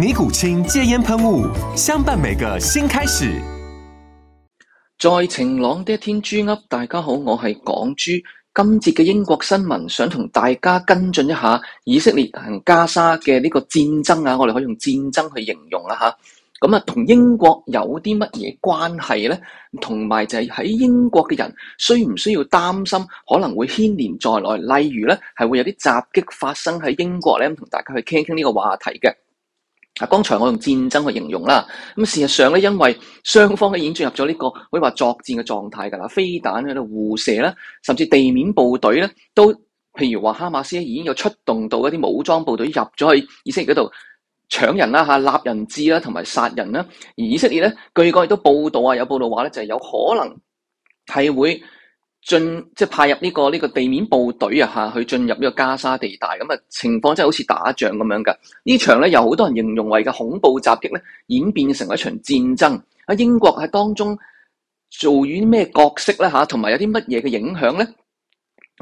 尼古清戒煙噴霧，相伴每個新開始。在晴朗的一天，豬噏，大家好，我係港豬。今節嘅英國新聞，想同大家跟進一下以色列同加沙嘅呢個戰爭啊，我哋可以用戰爭去形容啊吓。咁、嗯、啊，同英國有啲乜嘢關係咧？同埋就係喺英國嘅人需唔需要擔心可能會牽連在內？例如咧，係會有啲襲擊發生喺英國咧，同大家去傾一傾呢個話題嘅。啊！剛才我用戰爭去形容啦，咁事實上咧，因為雙方咧已經進入咗呢個可以話作戰嘅狀態噶啦，飛彈喺度互射啦，甚至地面部隊咧都，譬如話哈馬斯咧已經有出動到一啲武裝部隊入咗去以色列嗰度搶人啦、吓納人質啦、同埋殺人啦，而以色列咧，據過亦都報道啊，有報道話咧就係有可能係會。進即係派入呢個呢個地面部隊啊，吓去進入呢個加沙地帶咁啊，情況真係好似打仗咁樣噶。呢場咧，由好多人形容為嘅恐怖襲擊咧，演變成咗一場戰爭。喺英國喺當中做於啲咩角色咧，吓同埋有啲乜嘢嘅影響咧？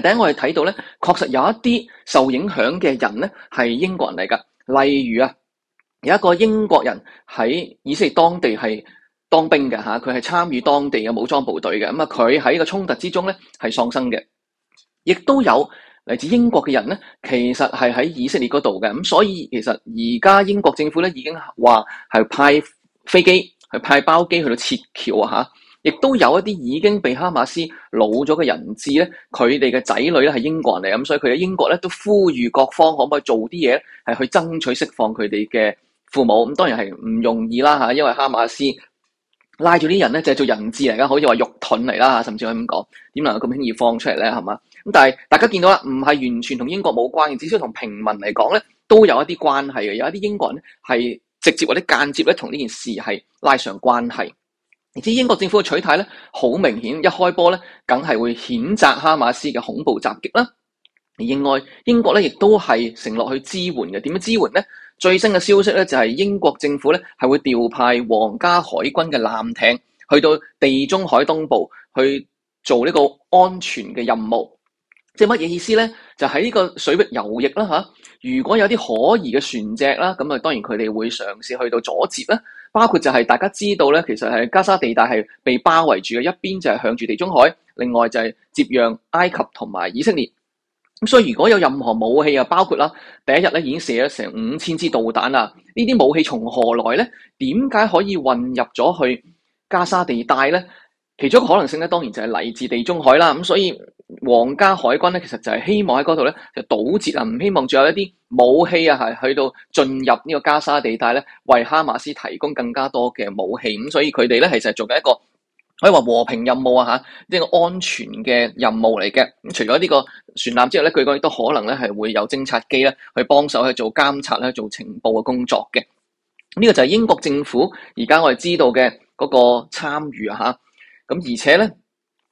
第一我哋睇到咧，確實有一啲受影響嘅人咧係英國人嚟噶，例如啊，有一個英國人喺以色列當地係。當兵嘅吓，佢係參與當地嘅武裝部隊嘅。咁啊，佢喺個衝突之中咧係喪生嘅。亦都有嚟自英國嘅人咧，其實係喺以色列嗰度嘅。咁所以其實而家英國政府咧已經話係派飛機，係派包機去到撤僑吓，亦、啊、都有一啲已經被哈馬斯攞咗嘅人質咧，佢哋嘅仔女咧係英國人嚟，咁所以佢喺英國咧都呼籲各方可唔可以做啲嘢，係去爭取釋放佢哋嘅父母。咁當然係唔容易啦吓，因為哈馬斯，拉住啲人咧，就係做人質嚟噶，好似話肉盾嚟啦，甚至可以咁講，點能夠咁輕易放出嚟咧？係嘛？咁但係大家見到啦，唔係完全同英國冇關係，至少同平民嚟講咧，都有一啲關係嘅。有一啲英國人咧，係直接或者間接咧，同呢件事係拉上關係。而啲英國政府嘅取態咧，好明顯一開波咧，梗係會譴責哈馬斯嘅恐怖襲擊啦。另外，英國咧亦都係承諾去支援嘅。點樣支援咧？最新嘅消息咧，就係、是、英國政府咧係會調派皇家海軍嘅艦艇去到地中海東部去做呢個安全嘅任務。即係乜嘢意思咧？就喺、是、呢個水域遊弋啦、啊，如果有啲可疑嘅船隻啦，咁啊當然佢哋會嘗試去到阻截啦。包括就係大家知道咧，其實係加沙地帶係被包圍住嘅，一邊就係向住地中海，另外就係接壤埃及同埋以色列。所以如果有任何武器啊，包括啦，第一日咧已經射咗成五千支導彈啦，呢啲武器從何來咧？點解可以混入咗去加沙地帶咧？其中一個可能性咧，當然就係嚟自地中海啦。咁所以皇家海軍咧，其實就係希望喺嗰度咧，就堵截啊，唔希望仲有一啲武器啊，係去到進入呢個加沙地帶咧，為哈馬斯提供更加多嘅武器。咁所以佢哋咧，其實做緊一個。可以話和平任務啊吓，呢個安全嘅任務嚟嘅。咁除咗呢個船艦之外咧，據講亦都可能咧係會有偵察機咧去幫手去做監察咧做情報嘅工作嘅。呢個就係英國政府而家我哋知道嘅嗰個參與啊吓。咁而且咧，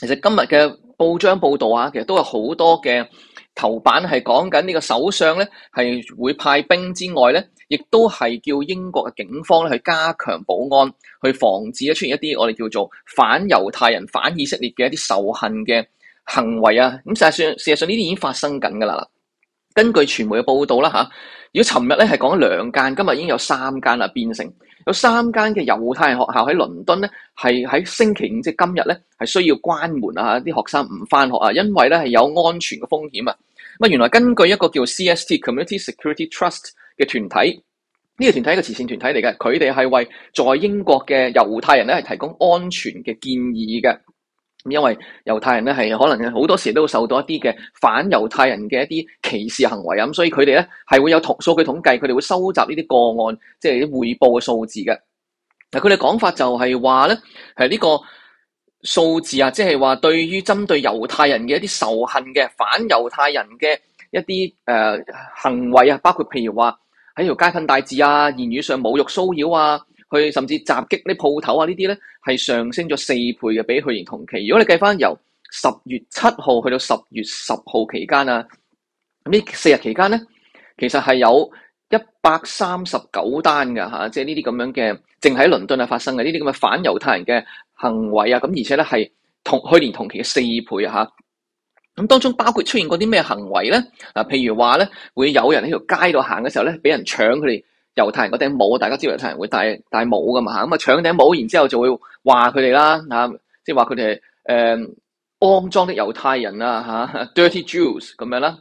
其實今日嘅報章報道啊，其實都有好多嘅。頭版係講緊呢個首相咧係會派兵之外咧，亦都係叫英國嘅警方咧去加強保安，去防止出現一啲我哋叫做反猶太人、反以色列嘅一啲仇恨嘅行為啊！咁事實上，事實上呢啲已經發生緊噶啦。根據傳媒嘅報道啦吓，如果尋日咧係講兩間，今日已經有三間啦變成。有三間嘅猶太人學校喺倫敦咧，係喺星期五即係今日咧，係需要關門啊！啲學生唔返學啊，因為咧係有安全嘅風險啊。咁啊，原來根據一個叫 CST Community Security Trust 嘅團體，呢個團體係一個慈善團體嚟嘅，佢哋係為在英國嘅猶太人咧係提供安全嘅建議嘅。咁因為猶太人咧係可能好多時都會受到一啲嘅反猶太人嘅一啲歧視行為咁，所以佢哋咧係會有統數據統計，佢哋會收集呢啲個案，即係啲匯報嘅數字嘅。嗱，佢哋講法就係話咧，係呢個數字啊，即係話對於針對猶太人嘅一啲仇恨嘅反猶太人嘅一啲誒、呃、行為啊，包括譬如話喺條街噴大字啊，言語上侮辱騷擾啊。佢甚至襲擊啲鋪頭啊！呢啲咧係上升咗四倍嘅，比去年同期。如果你計翻由十月七號去到十月十號期間啊，呢四日期間咧，其實係有一百三十九單㗎吓、啊，即係呢啲咁樣嘅，淨喺倫敦啊發生嘅呢啲咁嘅反猶太人嘅行為啊！咁而且咧係同去年同期嘅四倍吓。咁、啊、當中包括出現過啲咩行為咧？嗱、啊，譬如話咧，會有人喺條街度行嘅時候咧，俾人搶佢哋猶太人嗰頂帽，大家知道猶太人會戴戴帽噶嘛嚇，咁啊搶頂帽，然之後就會話佢哋啦，嚇、啊呃啊啊啊，即係話佢哋係誒骯髒的猶太人啊嚇，dirty Jews 咁樣啦。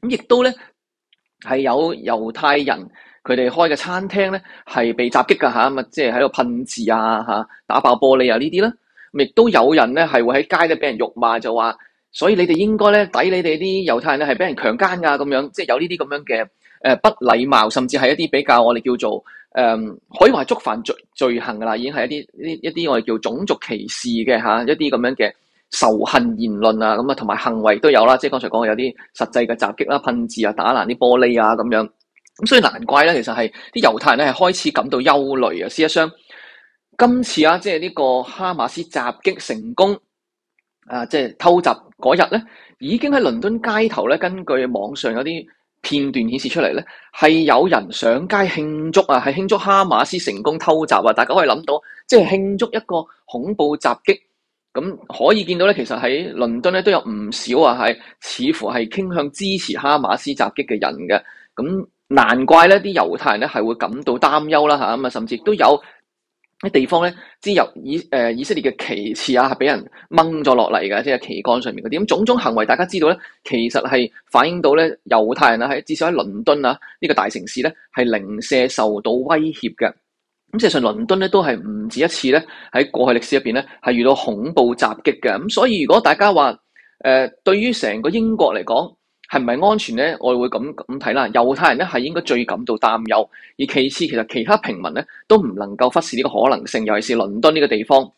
咁亦都咧係有猶太人佢哋開嘅餐廳咧係被襲擊噶吓，咁啊即係喺度噴字啊嚇，打爆玻璃這些啊呢啲啦。亦都有人咧係會喺街度俾人辱罵，就話所以你哋應該咧抵你哋啲猶太人咧係俾人強姦啊咁樣，即係有呢啲咁樣嘅。誒、呃，不禮貌，甚至係一啲比較，我哋叫做誒、呃，可以話係觸犯罪罪行噶啦，已經係一啲一啲我哋叫種族歧視嘅嚇，一啲咁樣嘅仇恨言論啊，咁啊，同埋行為都有啦，即、就、係、是、剛才講有啲實際嘅襲擊啦、噴字啊、打爛啲玻璃啊咁樣。咁所以難怪咧，其實係啲猶太人咧係開始感到憂慮啊。事實上今次啊，即係呢個哈馬斯襲擊成功啊，即係偷襲嗰日咧，已經喺倫敦街頭咧，根據網上有啲。片段顯示出嚟咧，係有人上街慶祝啊，係慶祝哈馬斯成功偷襲啊！大家可以諗到，即係慶祝一個恐怖襲擊。咁可以見到咧，其實喺倫敦咧都有唔少啊，係似乎係傾向支持哈馬斯襲擊嘅人嘅。咁難怪咧，啲猶太人咧係會感到擔憂啦，嚇咁啊，甚至都有。地方咧，之入以、呃、以色列嘅旗幟啊，係俾人掹咗落嚟嘅，即係旗杆上面嗰啲。咁種種行為，大家知道咧，其實係反映到咧，猶太人啊喺至少喺倫敦啊呢、這個大城市咧，係零舍受到威脅嘅。咁事實上倫敦咧都係唔止一次咧喺過去歷史入邊咧係遇到恐怖襲擊嘅。咁所以如果大家話誒、呃，對於成個英國嚟講，係咪安全呢？我會咁咁睇啦。猶太人咧係應該最感到擔憂，而其次其實其他平民咧都唔能夠忽視呢個可能性。尤其是倫敦呢個地方，呢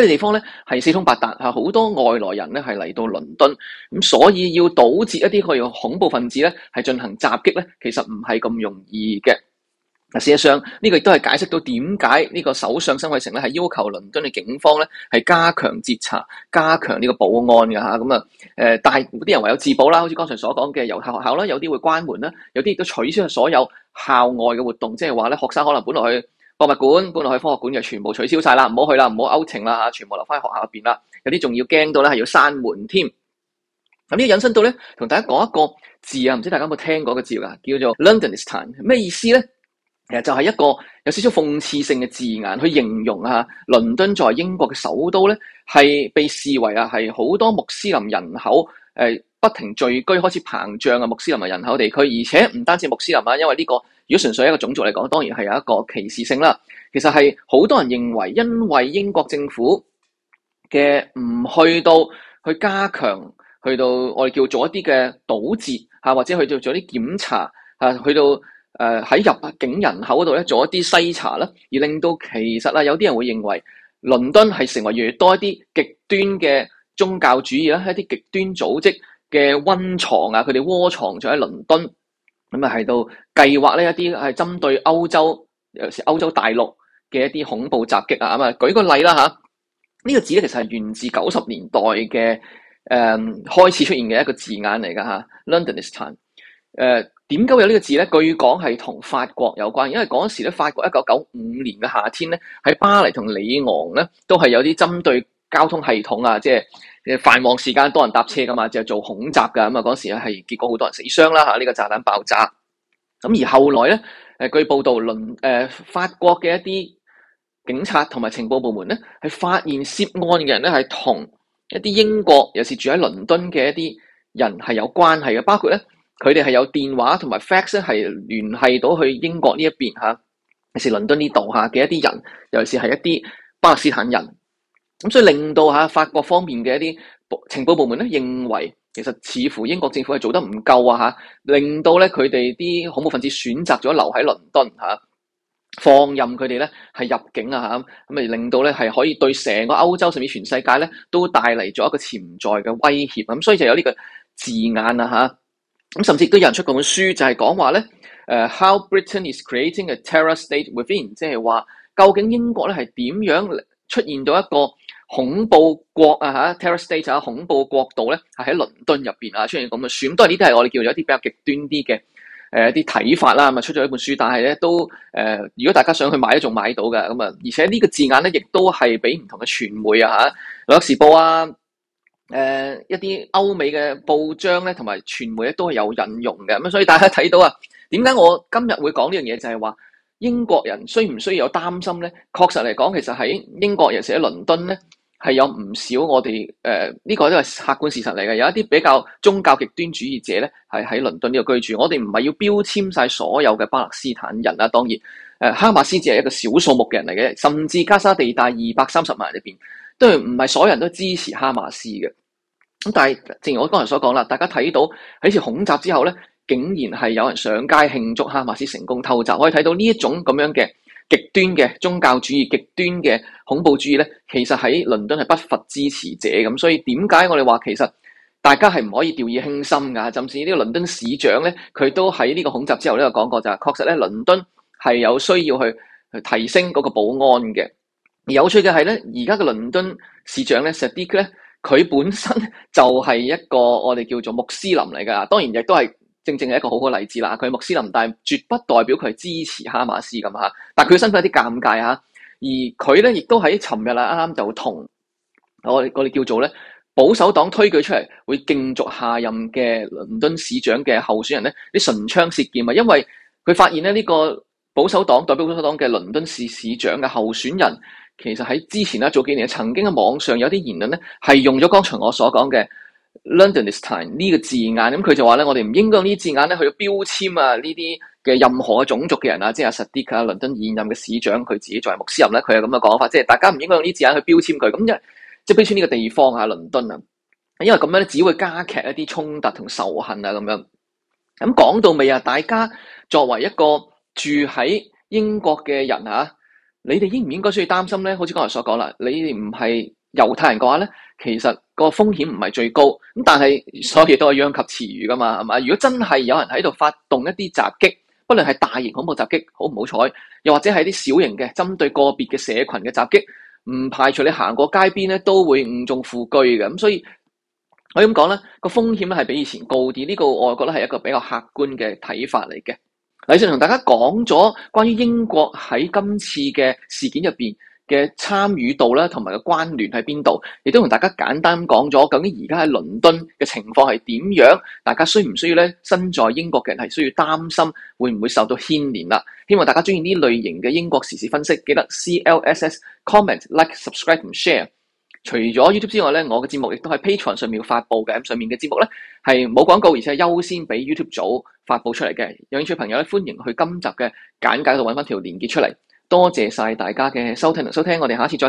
個地方咧係四通八達嚇，好多外來人咧係嚟到倫敦，咁所以要堵截一啲去恐怖分子咧係進行襲擊咧，其實唔係咁容易嘅。事實上呢個亦都係解釋到點解呢個首相辛偉誠咧係要求倫敦嘅警方咧係加強截查，加強呢個保安嘅吓咁啊！誒、呃，但係啲人唯有自保啦，好似剛才所講嘅猶太學校啦，有啲會關門啦，有啲亦都取消所有校外嘅活動，即係話咧學生可能本來去博物館，本來去科學館就全部取消晒啦，唔好去啦，唔好 outing 啦吓，全部留翻喺學校入邊啦。有啲仲要驚到咧係要閂門添。咁呢個引申到咧，同大家講一個字啊，唔知大家有冇聽過個字啊，叫做 Londonistan，咩意思咧？其實就係、是、一個有少少諷刺性嘅字眼去形容啊，倫敦作為英國嘅首都咧，係被視為啊係好多穆斯林人口誒不停聚居、開始膨脹嘅穆斯林嘅人口地區，而且唔單止穆斯林啊，因為呢、這個如果純粹一個種族嚟講，當然係有一個歧視性啦。其實係好多人認為，因為英國政府嘅唔去到去加強，去到我哋叫做一啲嘅堵截啊，或者去到做啲檢查啊，去到。誒、呃、喺入境人口嗰度咧做一啲篩查啦，而令到其實啊有啲人會認為倫敦係成為越多一啲極端嘅宗教主義啦，一啲極端組織嘅溫床。啊，佢哋窩牀咗喺倫敦，咁啊喺度計劃呢一啲係針對歐洲，有時歐洲大陸嘅一啲恐怖襲擊啊咁啊，舉個例啦嚇，呢、啊呢個字咧其實係源自九十年代嘅誒、嗯、開始出現嘅一個字眼嚟㗎嚇，Londonistan，誒。啊點解會有呢個字咧？據講係同法國有關，因為嗰時咧法國一九九五年嘅夏天咧，喺巴黎同里昂咧都係有啲針對交通系統啊，即係繁忙時間多人搭車噶嘛，就係做恐襲噶，咁啊嗰時係結果好多人死傷啦吓，呢、呢個炸彈爆炸。咁而後來咧，誒據報道，倫誒、呃、法國嘅一啲警察同埋情報部門咧，係發現涉案嘅人咧係同一啲英國尤其住喺倫敦嘅一啲人係有關係嘅，包括咧。佢哋係有電話同埋 fax 咧，係聯繫到去英國呢一邊嚇，尤其是倫敦呢度嚇嘅一啲人，尤其是係一啲巴勒斯坦人。咁所以令到嚇法國方面嘅一啲情報部門咧，認為其實似乎英國政府係做得唔夠啊嚇，令到咧佢哋啲恐怖分子選擇咗留喺倫敦嚇，放任佢哋咧係入境啊嚇，咁令到咧係可以對成個歐洲甚至全世界咧都帶嚟咗一個潛在嘅威脅。咁所以就有呢個字眼啊嚇。咁甚至都有人出過本書，就係講話咧，誒，How Britain is Creating a Terror State Within，即係話究竟英國咧係點樣出現到一個恐怖國啊吓，Terror State 啊，恐怖國度咧，係喺倫敦入邊啊出現咁嘅書，咁都係呢啲係我哋叫做一啲比較極端啲嘅，誒一啲睇啊法啦，咪出咗一本書，但係咧都，誒、呃，如果大家想去買咧，仲買到嘅，咁啊，而且呢個字眼咧，亦都係俾唔同嘅傳媒啊吓，《紐約時報》啊。誒、呃，一啲歐美嘅報章咧，同埋傳媒咧，都係有引用嘅。咁所以大家睇到啊，點解我今日會講呢樣嘢，就係話英國人需唔需要有擔心咧？確實嚟講，其實喺英國，尤其是喺倫敦咧，係有唔少我哋誒呢個都係客觀事實嚟嘅。有一啲比較宗教極端主義者咧，係喺倫敦呢度居住。我哋唔係要標籤晒所有嘅巴勒斯坦人啦。當然，誒、呃、哈馬斯只係一個小數目嘅人嚟嘅，甚至加沙地帶二百三十萬人裏邊。然唔係所有人都支持哈馬斯嘅，咁但係正如我剛才所講啦，大家睇到喺次恐襲之後咧，竟然係有人上街慶祝哈馬斯成功偷襲，可以睇到呢一種咁樣嘅極端嘅宗教主義、極端嘅恐怖主義咧，其實喺倫敦係不乏支持者。咁所以點解我哋話其實大家係唔可以掉以輕心㗎？甚至呢個倫敦市長咧，佢都喺呢個恐襲之後都有講過就係、是，確實咧倫敦係有需要去，去提升嗰個保安嘅。有趣嘅係咧，而家嘅倫敦市長咧，Sadiq 咧，佢本身就係一個我哋叫做穆斯林嚟㗎。當然亦都係正正係一個好好嘅例子啦。佢係穆斯林，但係絕不代表佢係支持哈馬斯咁下。但佢嘅身份有啲尷尬下。而佢咧，亦都喺尋日啦啱啱就同我我哋叫做咧保守黨推舉出嚟會競逐下任嘅倫敦市長嘅候選人咧啲唇槍舌劍啊！因為佢發現咧呢、這個保守黨代表保守黨嘅倫敦市市長嘅候選人。其實喺之前啦，早幾年曾經喺網上有啲言論咧，係用咗剛才我所講嘅 Londonistan 呢個字眼，咁佢就話咧，我哋唔應該用呢字眼咧去標籤啊呢啲嘅任何種族嘅人啊，即係阿 Sadiq，倫敦現任嘅市長，佢自己作為穆斯林咧，佢係咁嘅講法，即係大家唔應該用呢字眼去標籤佢、啊，咁、啊、即係即係標籤呢個地方啊，倫敦，啊，倫敦啊，因為咁樣咧只會加劇一啲衝突同仇恨啊，咁樣。咁、啊、講到尾啊，大家作為一個住喺英國嘅人啊。你哋應唔應該需要擔心咧？好似剛才所講啦，你哋唔係猶太人嘅話咧，其實個風險唔係最高。咁但係，所有嘢都係殃及池魚噶嘛，係嘛？如果真係有人喺度發動一啲襲擊，不論係大型恐怖襲擊，好唔好彩，又或者係啲小型嘅針對個別嘅社群嘅襲擊，唔排除你行過街邊咧都會誤中副車嘅。咁所以可以咁講咧，個風險咧係比以前高啲。呢個我覺得係一個比較客觀嘅睇法嚟嘅。而且同大家講咗關於英國喺今次嘅事件入面嘅參與度啦，同埋個關聯喺邊度，亦都同大家簡單講咗究竟而家喺倫敦嘅情況係點樣？大家需唔需要咧？身在英國嘅人係需要擔心會唔會受到牽連啦？希望大家鍾意呢類型嘅英國時事分析，記得 CLSS Comment Like Subscribe 同 Share。除咗 YouTube 之外咧，我嘅節目亦都喺 Patreon 上面發佈嘅，上面嘅節目咧係冇廣告，而且優先俾 YouTube 組發佈出嚟嘅。有興趣嘅朋友咧，歡迎去今集嘅簡介度揾翻條鏈接出嚟。多謝晒大家嘅收聽收聽，收聽我哋下一次再。